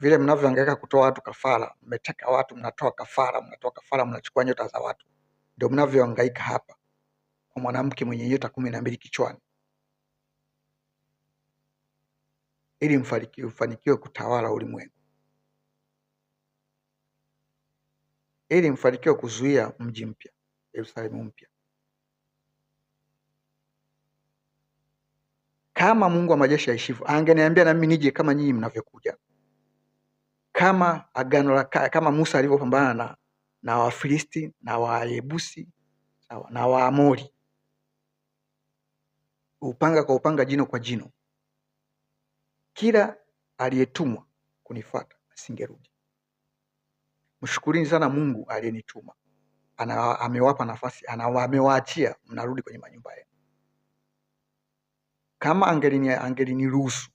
vile mnavyohangaika kutoa watu kafara, mmeteka watu, mnatoa kafara, mnatoa kafara, mnachukua nyota za watu, ndio mnavyohangaika hapa kwa mwanamke mwenye nyota kumi na mbili kichwani, ili mfanikiwe kutawala ulimwengu, ili mfanikiwe kuzuia mji mpya, Yerusalemu mpya. Kama Mungu wa majeshi aishivyo, angeniambia na mimi nije kama nyinyi mnavyokuja kama agano la kale, kama Musa alivyopambana na na Wafilisti na Wayebusi na Waamori, upanga kwa upanga, jino kwa jino. Kila aliyetumwa kunifata asingerudi. Mshukurini sana Mungu aliyenituma, ana amewapa nafasi, ana amewaachia, mnarudi kwenye manyumba yenu. Kama angelini angeliniruhusu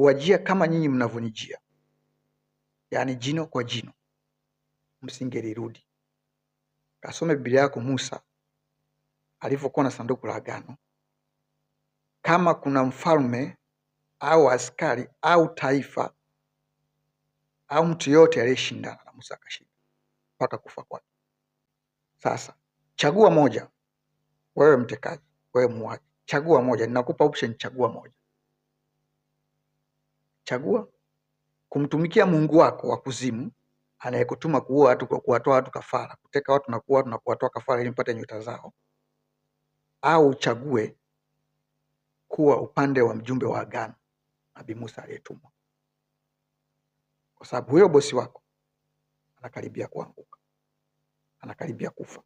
huwajia kama nyinyi mnavyonijia, yaani jino kwa jino, msingelirudi. Kasome Biblia yako Musa alivyokuwa na sanduku la agano. Kama kuna mfalme au askari au taifa au mtu yote aliyeshindana na Musa akashinda mpaka kufa kwake. Sasa chagua moja, wewe mtekaji, wewe muuaji, chagua moja. Ninakupa option, chagua moja. Chagua kumtumikia Mungu wako wa kuzimu anayekutuma kuua watu kwa kuwatoa watu kafara, kuteka watu na kuua watu na kuwatoa kafara ili mpate nyota zao, au uchague kuwa upande wa mjumbe wa agano Nabii Musa aliyetumwa, kwa sababu huyo bosi wako anakaribia kuanguka, anakaribia kufa.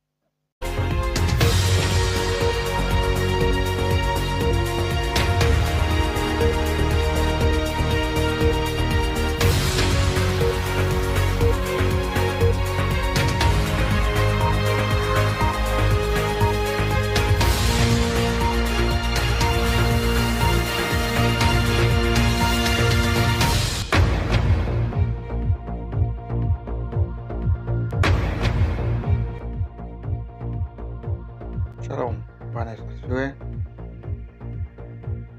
Shalom, Bwana Yesu asifiwe.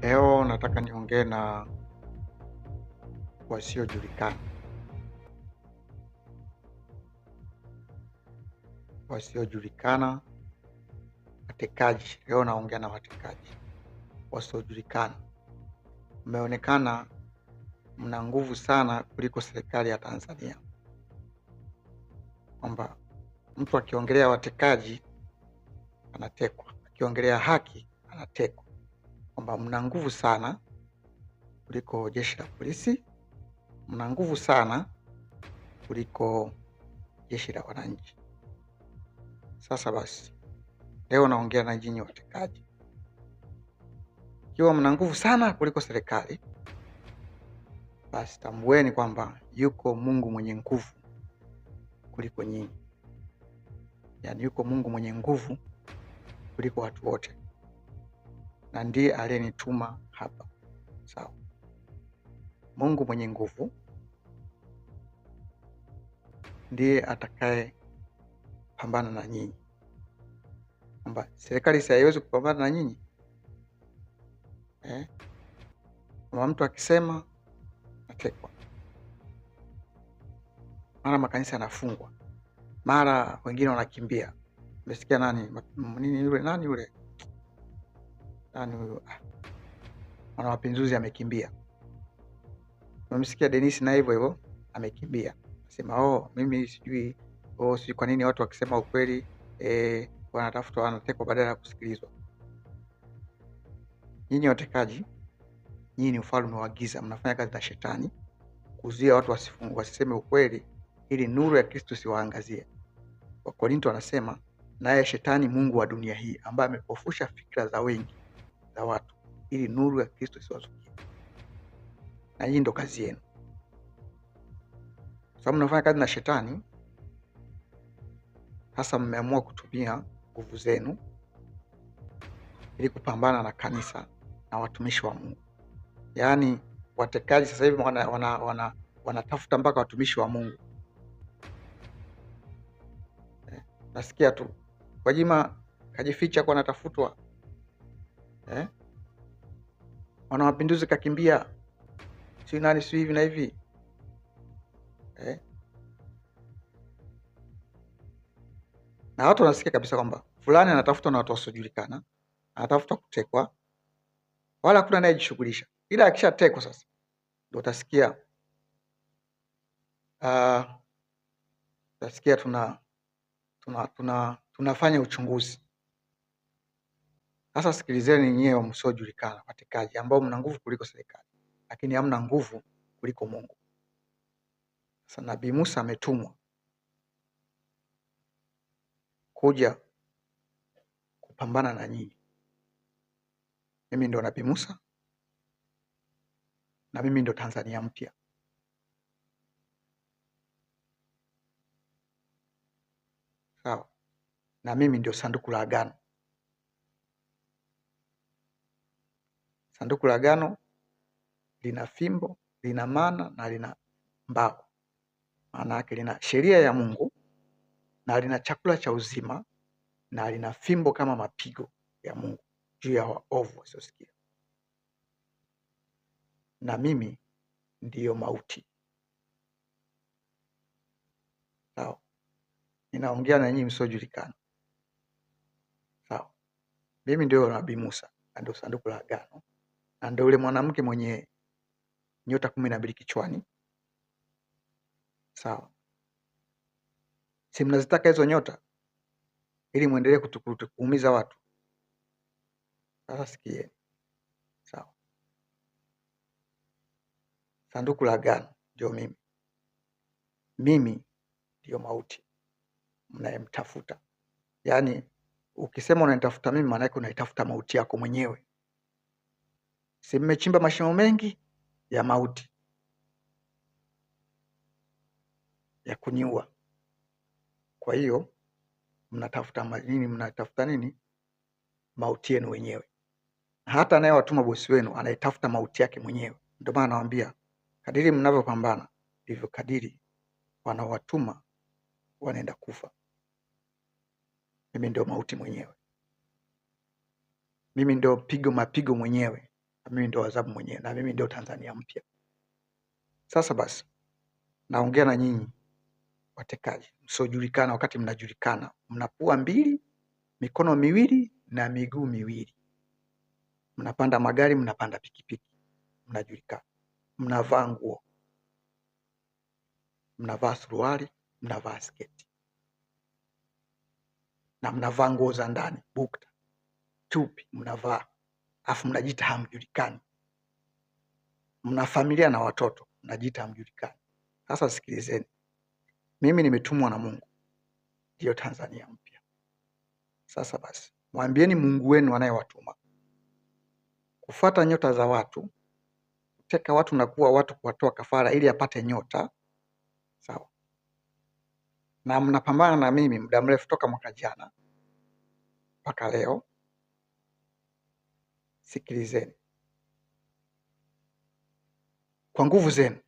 Leo nataka niongee na wasiojulikana. Wasiojulikana, watekaji. Leo naongea na watekaji wasiojulikana. Mmeonekana mna nguvu sana kuliko serikali ya Tanzania, kwamba mtu akiongelea watekaji anatekwa, akiongelea haki anatekwa, kwamba mna nguvu sana kuliko jeshi la polisi, mna nguvu sana kuliko jeshi la wananchi. Sasa basi, leo naongea na nyinyi watekaji, ikiwa mna nguvu sana kuliko serikali, basi tambueni kwamba yuko Mungu mwenye nguvu kuliko nyinyi, yaani yuko Mungu mwenye nguvu kuliko watu wote, na ndiye aliyenituma hapa. Sawa. Mungu mwenye nguvu ndiye atakaye pambana na nyinyi, kwamba serikali si haiwezi kupambana na nyinyi eh? Kama mtu akisema natekwa, mara makanisa yanafungwa, mara wengine wanakimbia. Nimesikia nani nini nani nani ah. oh, sijui oh, watu wakisema ukweli eh, wanatekwa badala ya kusikilizwa. Nyinyi watekaji, nyinyi ni ufalme wa giza, mnafanya kazi na shetani kuzuia watu wasiseme ukweli ili nuru ya Kristo siwaangazie naye shetani mungu wa dunia hii ambaye amepofusha fikra za wengi za watu ili nuru ya Kristo isiwazukia Na hii ndo kazi yenu, sababu mnafanya kazi na shetani. Hasa mmeamua kutumia nguvu zenu ili kupambana na kanisa na watumishi wa Mungu. Yaani watekaji sasa hivi wanatafuta wana, wana, wana mpaka watumishi wa Mungu eh, nasikia tu Gwajima kajificha kwa anatafutwa eh? Mwana mapinduzi kakimbia, si nani si hivi na hivi eh? Na watu wanasikia kabisa kwamba fulani anatafutwa na watu wasiojulikana, anatafuta kutekwa, wala hakuna anayejishughulisha, ila akishatekwa sasa ndio utasikia uh, utasikia tuna tuna tuna tunafanya uchunguzi. Sasa sikilizeni nyewe msiojulikana watekaji, ambao mna nguvu kuliko serikali, lakini hamna nguvu kuliko Mungu. Sasa Nabii Musa ametumwa kuja kupambana na nyinyi. Mimi ndo Nabii Musa na mimi ndo Tanzania mpya. Sawa na mimi ndio sanduku la agano. Sanduku la agano lina fimbo, lina mana na lina mbao. Maana yake lina sheria ya Mungu na lina chakula cha uzima na lina fimbo kama mapigo ya Mungu juu ya waovu wasiosikia. Na mimi ndiyo mauti. Sawa, ninaongea na nyinyi msiojulikana. Mimi ndio Nabii Musa, na ndio sanduku la agano, na ndio yule mwanamke mwenye nyota kumi na mbili kichwani. Sawa, si mnazitaka hizo nyota ili mwendelee kuumiza watu? Sasa sikieni, sawa. Sanduku la agano ndio mimi, mimi ndiyo mauti mnayemtafuta, yaani Ukisema unanitafuta mimi, maana yake unaitafuta mauti yako mwenyewe. Si mmechimba mashimo mengi ya mauti ya kuniua. Kwa hiyo mnatafuta nini? Mnatafuta nini? Mauti yenu wenyewe. Hata anayewatuma bosi wenu anaitafuta mauti yake mwenyewe. Ndio maana anawaambia kadiri mnavyopambana ndivyo kadiri wanaowatuma wanaenda kufa mimi ndio mauti mwenyewe, mimi ndio pigo mapigo mwenyewe, na mimi ndio adhabu mwenyewe, na mimi ndio Tanzania mpya. Sasa basi, naongea na nyinyi watekaji msiojulikana, wakati mnajulikana, mnapua mbili, mikono miwili na miguu miwili, mnapanda magari, mnapanda pikipiki, mnajulikana, mnavaa nguo, mnavaa suruali, mnavaa sketi na mnavaa nguo za ndani bukta chupi mnavaa, afu mnajita hamjulikani, mna familia na watoto, mnajita hamjulikani. Sasa sikilizeni, mimi nimetumwa na Mungu, ndiyo Tanzania mpya. Sasa basi, mwambieni Mungu wenu anayewatuma kufuata nyota za watu, kuteka watu na kuwa watu, kuwatoa kafara ili apate nyota. Sawa, na mnapambana na mimi muda mrefu toka mwaka jana mpaka leo, sikilizeni kwa nguvu zenu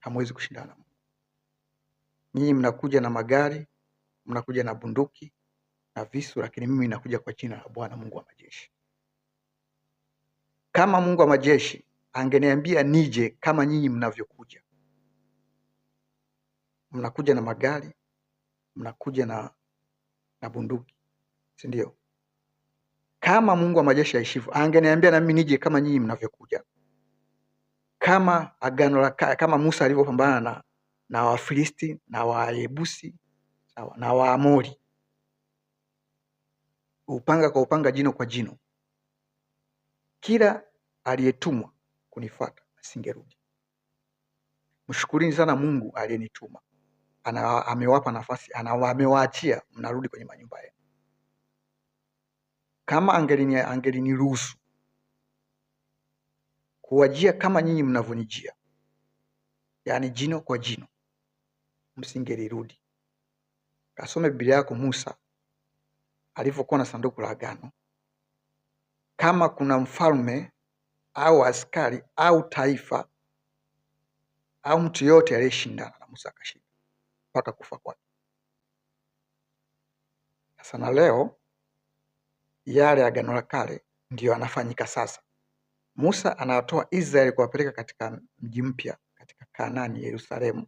hamwezi kushindana. Nyinyi mnakuja na magari, mnakuja na bunduki na visu, lakini mimi nakuja kwa jina la Bwana Mungu wa majeshi. Kama Mungu wa majeshi angeniambia nije kama nyinyi mnavyokuja, mnakuja na magari, mnakuja na na bunduki, si ndio? Kama Mungu wa majeshi aishivyo, angeniambia na mimi nije kama nyinyi mnavyokuja, kama agano la kama Musa alivyopambana na na Wafilisti na Wayebusi sawa na Waamori, upanga kwa upanga, jino kwa jino. Kila aliyetumwa kunifata asingerudi. Mshukurini sana Mungu aliyenituma ana, amewapa nafasi ana, amewaachia mnarudi kwenye manyumba yenu. Kama angelini angeliniruhusu kuwajia kama nyinyi mnavyonijia, yaani jino kwa jino, msingelirudi. Kasome Biblia yako Musa alivyokuwa na sanduku la agano. Kama kuna mfalme au askari au taifa au mtu yoyote aliyeshindana na Musa akashinda mpaka kufa kwake. Sasa na leo yale agano la kale ndiyo yanafanyika sasa. Musa anawatoa Israeli kuwapeleka katika mji mpya katika Kanaani, Yerusalemu,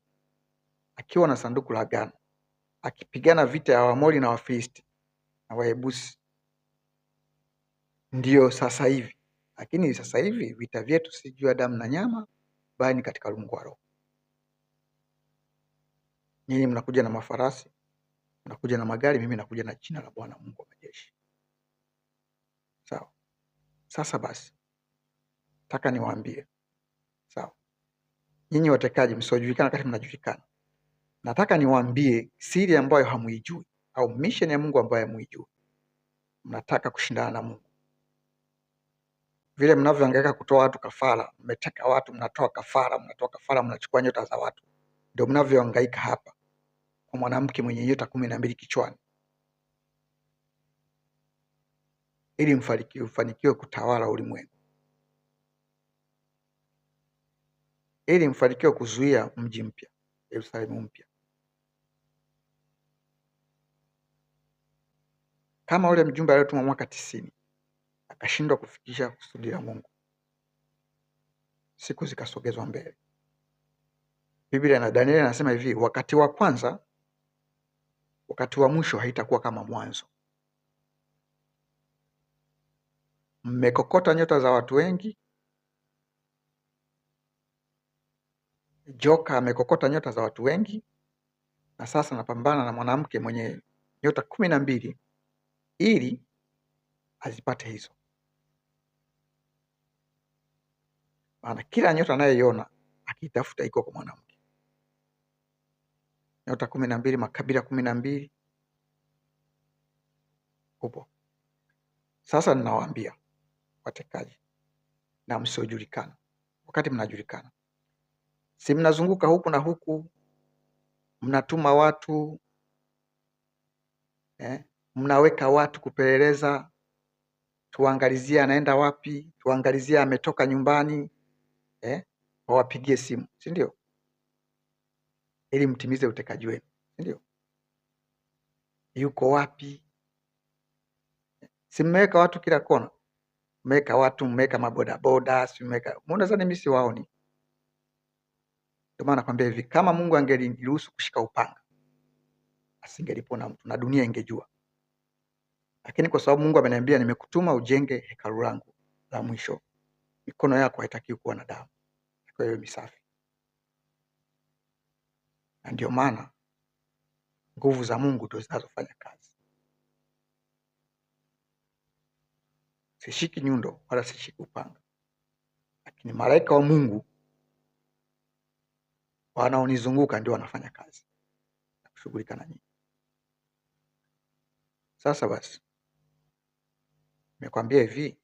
akiwa na sanduku la agano, akipigana vita ya Waamori na Wafilisti na Waebusi. Ndiyo sasa hivi, lakini sasa hivi vita vyetu si juu ya damu na nyama, bali ni katika ulimwengu wa roho. Nyinyi mnakuja na mafarasi, mnakuja na magari, mimi nakuja na jina la Bwana Mungu wa majeshi. Sawa. Sasa basi, nataka niwaambie, sawa, nyinyi watekaji msiojulikana kati mnajulikana, nataka niwaambie siri ambayo hamuijui au misheni ya Mungu ambayo hamuijui. Mnataka kushindana na Mungu vile mnavyoangaika kutoa watu kafara, mmeteka watu, mnatoa kafara, mnatoa kafara, mnachukua nyota za watu, ndio mnavyoangaika hapa kwa mwanamke mwenye nyota kumi na mbili kichwani ili mfanikiwe kutawala ulimwengu, ili mfanikiwe kuzuia mji mpya Yerusalemu mpya. Kama ule mjumbe aliyotumwa mwaka tisini akashindwa kufikisha kusudi la Mungu, siku zikasogezwa mbele. Biblia na Danieli anasema hivi, wakati wa kwanza wakati wa mwisho haitakuwa kama mwanzo. Mmekokota nyota za watu wengi. Joka amekokota nyota za watu wengi, na sasa anapambana na mwanamke mwenye nyota kumi na mbili ili azipate hizo. Maana kila nyota anayoiona akiitafuta iko kwa mwanamke nyota kumi na mbili makabila kumi na mbili upo. Sasa ninawaambia watekaji na msiojulikana, wakati mnajulikana, si mnazunguka huku na huku, mnatuma watu eh, mnaweka watu kupeleleza, tuangalizie anaenda wapi, tuangalizie ametoka nyumbani eh, wawapigie simu, si ndio? ili mtimize utekaji wenu, ndio? Yuko wapi? Si mmeweka watu kila kona, mmeweka watu, mmeweka mabodaboda, si mmeweka mnadhani mimi si waoni? Ndio maana nakwambia hivi, kama Mungu angeliruhusu kushika upanga asingelipona mtu na dunia ingejua, lakini kwa sababu Mungu ameniambia nimekutuma ujenge hekalu langu la mwisho, mikono yako haitakiwi kuwa na damu, itakiwa iwe misafi na ndio maana nguvu za Mungu ndio zinazofanya kazi. Sishiki nyundo wala sishiki upanga, lakini malaika wa Mungu wanaonizunguka ndio wanafanya kazi na kushughulika na nyinyi. Sasa basi, nimekwambia hivi,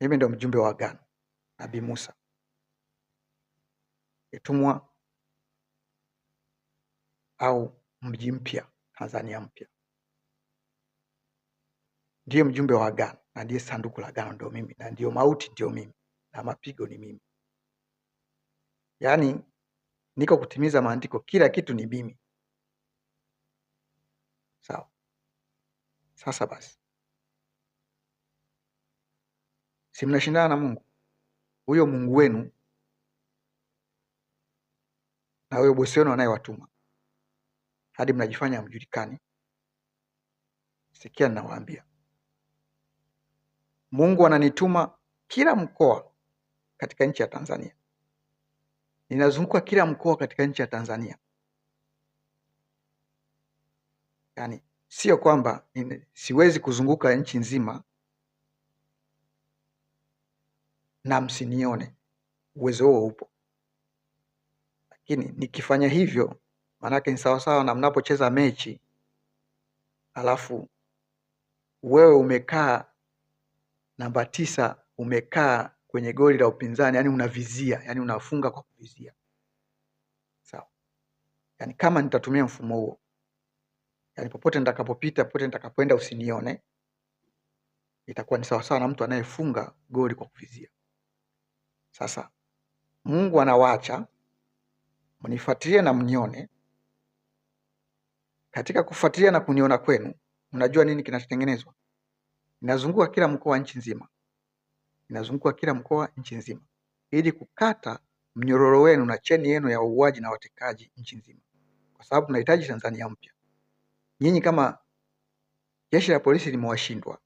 mimi ndio mjumbe wa agano, Nabii Musa. Itumwa au mji mpya Tanzania mpya. Ndiye mjumbe wa agano na ndiye sanduku la agano, ndio mimi na ndiyo mauti, ndio mimi na mapigo ni mimi. Yaani niko kutimiza maandiko, kila kitu ni mimi. Sawa. Sasa basi, si mnashindana na Mungu? Huyo Mungu wenu na wewe bosi wenu anayewatuma hadi mnajifanya mjulikani Sikia ninawaambia, Mungu ananituma kila mkoa katika nchi ya Tanzania, ninazunguka kila mkoa katika nchi ya Tanzania. Yani sio kwamba siwezi kuzunguka nchi nzima na msinione, uwezo huo upo. Lakini nikifanya hivyo, maanake ni sawasawa na mnapocheza mechi alafu wewe umekaa namba tisa, umekaa kwenye goli la upinzani, yani unavizia, yani unafunga kwa kuvizia. Sawa, yani kama nitatumia mfumo huo, yani popote nitakapopita, popote nitakapoenda, usinione, itakuwa ni sawasawa na mtu anayefunga goli kwa kuvizia. Sasa Mungu anawacha mnifuatilie na mnione. Katika kufuatilia na kuniona kwenu, mnajua nini kinachotengenezwa? Inazunguka kila mkoa nchi nzima, inazunguka kila mkoa nchi nzima, ili kukata mnyororo wenu na cheni yenu ya wauaji na watekaji nchi nzima, kwa sababu tunahitaji Tanzania mpya. Nyinyi kama jeshi la polisi limewashindwa,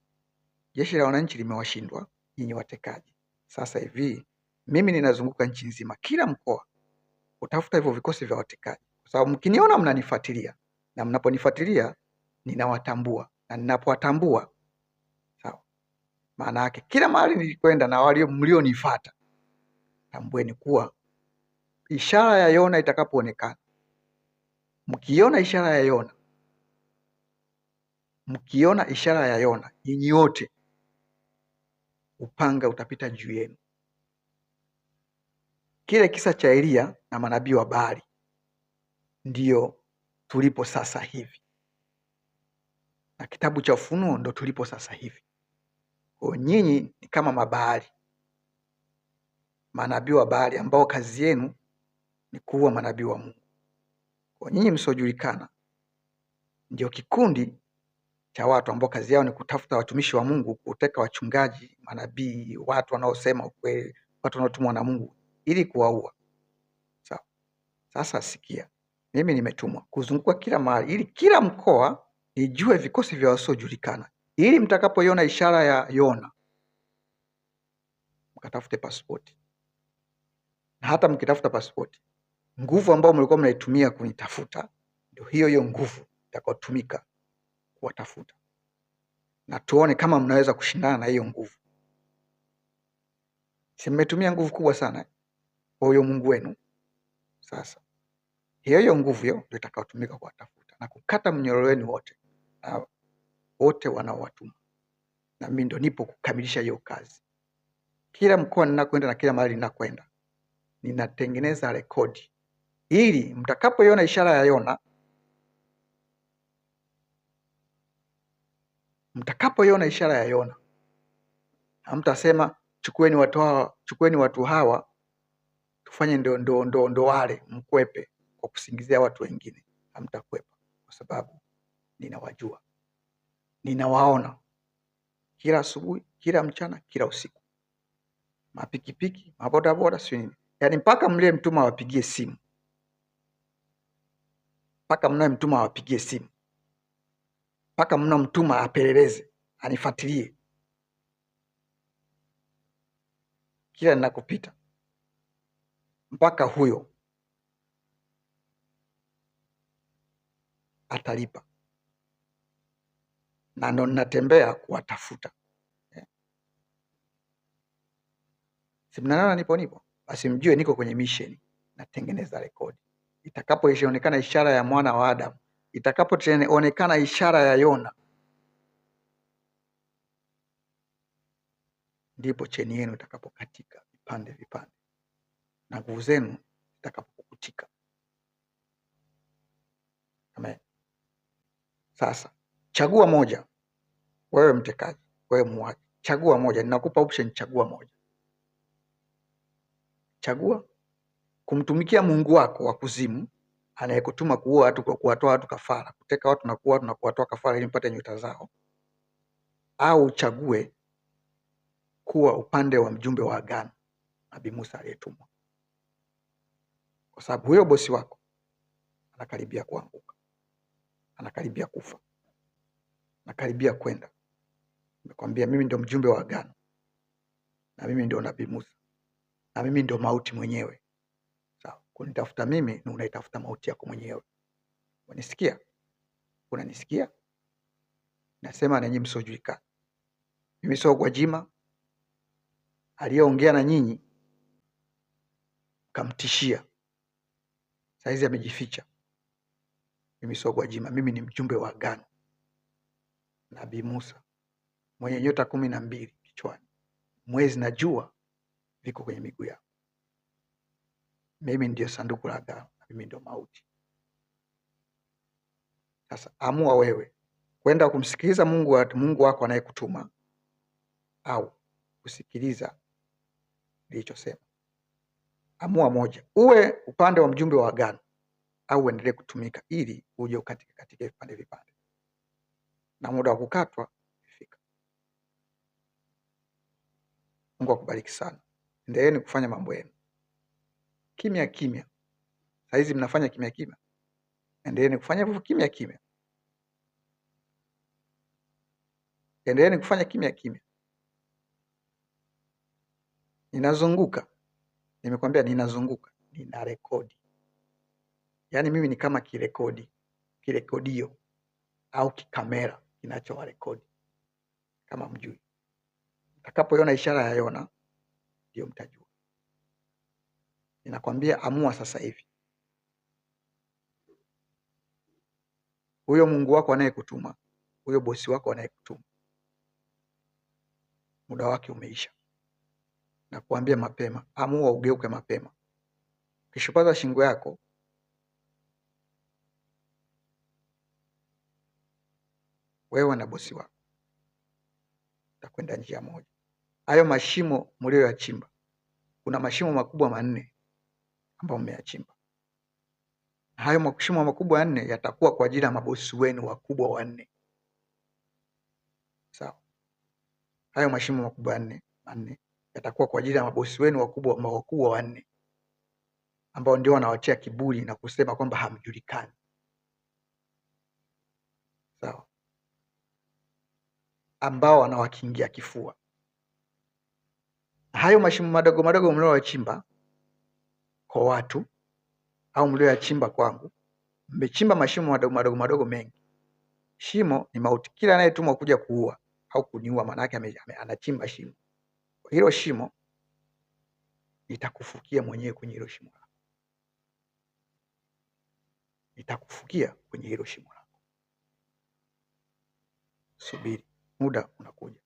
jeshi la wananchi limewashindwa nyinyi watekaji. Sasa hivi mimi ninazunguka nchi nzima, kila mkoa kutafuta hivyo vikosi vya watekaji, kwa sababu mkiniona mnanifuatilia na mnaponifuatilia ninawatambua na ninapowatambua, sawa. Maana yake kila mahali nilikwenda na walio mlionifuata, tambueni kuwa ishara ya Yona itakapoonekana, mkiona ishara ya Yona, mkiona ishara ya Yona, nyinyi wote upanga utapita juu yenu. Kile kisa cha Eliya na manabii wa Baali ndiyo tulipo sasa hivi, na kitabu cha Ufunuo ndo tulipo sasa hivi. Kwa nyinyi ni kama mabaali, manabii wa Baali ambao kazi yenu ni kuua manabii wa Mungu. Kwa nyinyi msiojulikana, ndio kikundi cha watu ambao kazi yao ni kutafuta watumishi wa Mungu, kuteka wachungaji, manabii, watu wanaosema ukweli, watu wanaotumwa na Mungu ili kuwaua. Sawa. Sasa sikia, mimi nimetumwa kuzunguka kila mahali ili kila mkoa nijue vikosi vya wasiojulikana, ili mtakapoiona ishara ya Yona mkatafute pasipoti, na hata mkitafuta pasipoti, nguvu ambayo mlikuwa mnaitumia kunitafuta ndio hiyo hiyo nguvu itakayotumika kuwatafuta, na tuone kama mnaweza kushindana na hiyo nguvu. Si mmetumia nguvu kubwa sana kwa huyo Mungu wenu. Sasa hiyo hiyo nguvu hiyo ndio itakayotumika kuwatafuta na kukata mnyororo wenu wote na wote wanaowatuma, na mimi ndio nipo kukamilisha hiyo kazi. Kila mkoa ninakwenda na kila mahali ninakwenda ninatengeneza rekodi, ili mtakapoiona ishara ya Yona, mtakapoiona ishara ya Yona hamtasema chukueni watu hawa, chukueni watu hawa tufanye ndo, ndo, ndo, ndo wale mkwepe kwa kusingizia watu wengine, hamtakwepa kwa sababu ninawajua, ninawaona kila asubuhi, kila mchana, kila usiku, mapikipiki, mabodaboda, sio nini, yani mpaka mlie mtuma awapigie simu, mpaka mnaye mtuma awapigie simu, mpaka mna mtuma apeleleze, anifuatilie kila ninakopita mpaka huyo atalipa, na ndo ninatembea kuwatafuta. Simnanana nipo nipo, basi mjue niko kwenye misheni, natengeneza rekodi. Itakapoonekana ishara ya mwana wa Adamu, itakapoonekana ishara ya Yona, ndipo cheni yenu itakapokatika vipande vipande na nguvu zenu zitakapokutika Amen. Sasa chagua moja, wewe mtekaji, wewe muuaji, chagua moja. Ninakupa option, chagua moja. Chagua kumtumikia Mungu wako wa kuzimu anayekutuma kuua watu kwa kuwatoa watu kafara, kuteka watu na kuua watu na kuwatoa kafara ili mpate nyota zao, au uchague kuwa upande wa mjumbe wa agano Nabii Musa aliyetumwa kwa sababu huyo bosi wako anakaribia kuanguka, anakaribia kufa, anakaribia kwenda. Nimekwambia mimi ndio mjumbe wa agano, na mimi ndio nabii Musa, na mimi ndio mauti mwenyewe. Sawa, kunitafuta mimi ni unaitafuta mauti yako mwenyewe. Unanisikia? Unanisikia? Nasema na nyinyi msiojulikana, mimi sio Gwajima aliyeongea na nyinyi mkamtishia Saizi amejificha. Mimi sio Gwajima, mimi ni mjumbe wa agano. Nabii Musa mwenye nyota kumi na mbili kichwani, mwezi na jua viko kwenye miguu yako. Mimi ndiyo sanduku la agano na mimi ndio mauti. Sasa amua wewe kwenda kumsikiliza Mungu wa, Mungu wako anayekutuma au kusikiliza nilichosema amua moja, uwe upande wa mjumbe wa agano au uendelee kutumika ili uje ukatike katika vipande vipande, na muda wa kukatwa umefika. Mungu akubariki sana, endeleeni kufanya mambo yenu kimya kimya. Sahizi mnafanya kimya kimya, endeleeni kufanya hivyo kimya kimya, endeleeni kufanya kimya kimya. Ninazunguka Nimekwambia ninazunguka, nina rekodi. Yaani mimi ni kama kirekodi, kirekodio au kikamera kinachowarekodi kama mjui. Mtakapoiona ishara ya Yona ndio mtajua. Ninakwambia amua sasa hivi. Huyo Mungu wako anayekutuma, huyo bosi wako anayekutuma, muda wake umeisha na kuambia mapema, amua ugeuke mapema. Ukishupaza shingo yako wewe na bosi wako takwenda njia moja. Hayo mashimo mlioyachimba, kuna mashimo makubwa manne ambayo mmeyachimba. Hayo mashimo makubwa manne yatakuwa kwa ajili ya mabosi wenu wakubwa wanne, sawa? Hayo mashimo makubwa manne manne yatakuwa kwa ajili ya mabosi wenu wakubwa wakubwa wanne ambao ndio wanawatia kiburi na kusema kwamba hamjulikani. Sawa, ambao wanawakingia kifua. Hayo mashimo madogo madogo mlioyachimba kwa watu au mlioyachimba kwangu, mmechimba mashimo madogo madogo madogo mengi. Shimo ni mauti. Kila anayetumwa kuja kuua au kuniua, maana yake anachimba shimo hilo shimo nitakufukia mwenyewe kwenye hilo shimo lako, nitakufukia kwenye hilo shimo lako. Subiri, muda unakuja,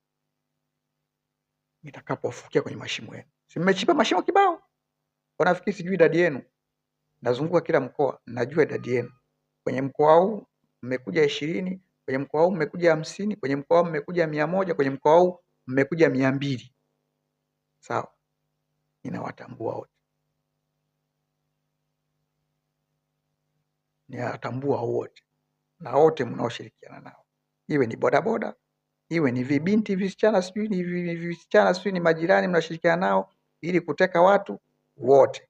nitakapofukia kwenye mashimo yenu. Si mmechimba mashimo kibao? Wanafikiri sijui idadi yenu. Nazunguka kila mkoa, najua idadi yenu. Kwenye mkoa huu mmekuja ishirini, kwenye mkoa huu mmekuja hamsini, kwenye mkoa huu mmekuja mia moja, kwenye mkoa huu mmekuja mia mbili sawa, ninawatambua wote, ninawatambua wote na wote mnaoshirikiana nao, iwe ni bodaboda, iwe ni vibinti visichana, sijui ni visichana, sijui ni majirani mnashirikiana nao ili kuteka watu, wote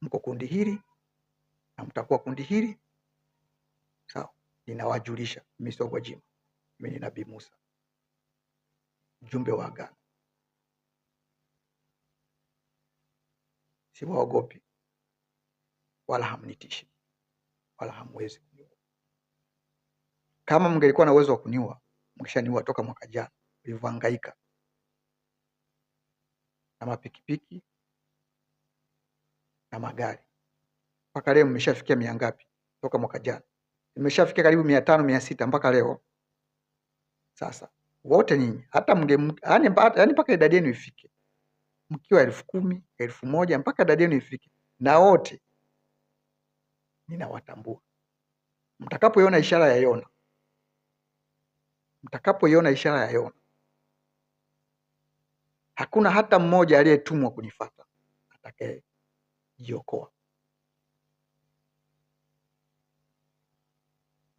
mko kundi hili na mtakuwa kundi hili sawa. Ninawajulisha, mimi sio Gwajima, mimi ni Nabii Musa, mjumbe wa agano. siwaogopi wala hamnitishi wala hamwezi kuniua. Kama mngelikuwa na uwezo wa kuniua, mngeshaniua toka mwaka jana ulivyohangaika na mapikipiki na magari. Mpaka leo mmeshafikia mia ngapi? Toka mwaka jana mmeshafikia karibu mia tano mia sita mpaka leo. Sasa wote ninyi hata mnge, yaani yaani mpaka idadi yenu ifike mkiwa elfu kumi, elfu moja mpaka idadi yenu ifike, na wote ninawatambua. Mtakapoiona ishara ya Yona, mtakapoiona ishara ya Yona, hakuna hata mmoja aliyetumwa kunifata atakayejiokoa.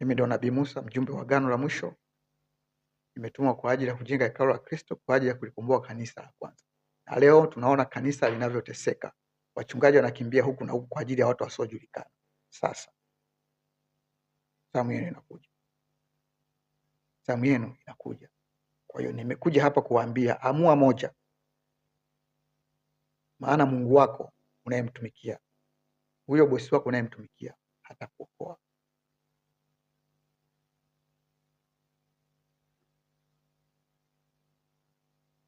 Mimi ndio Nabii Musa, mjumbe wa agano la mwisho, nimetumwa kwa ajili ya kujenga hekalu la Kristo, kwa ajili ya kulikomboa kanisa la kwanza na leo tunaona kanisa linavyoteseka, wachungaji wanakimbia huku na huku kwa ajili ya watu wasiojulikana. Sasa zamu yenu inakuja, zamu yenu inakuja. Kwa hiyo nimekuja hapa kuwaambia, amua moja, maana Mungu wako unayemtumikia huyo bosi wako unayemtumikia hatakuokoa.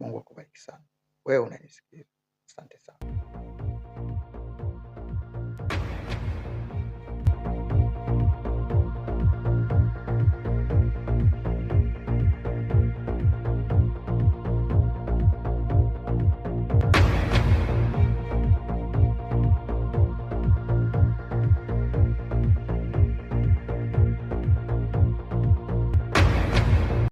Mungu akubariki sana wewe unanisikiza. Asante sana.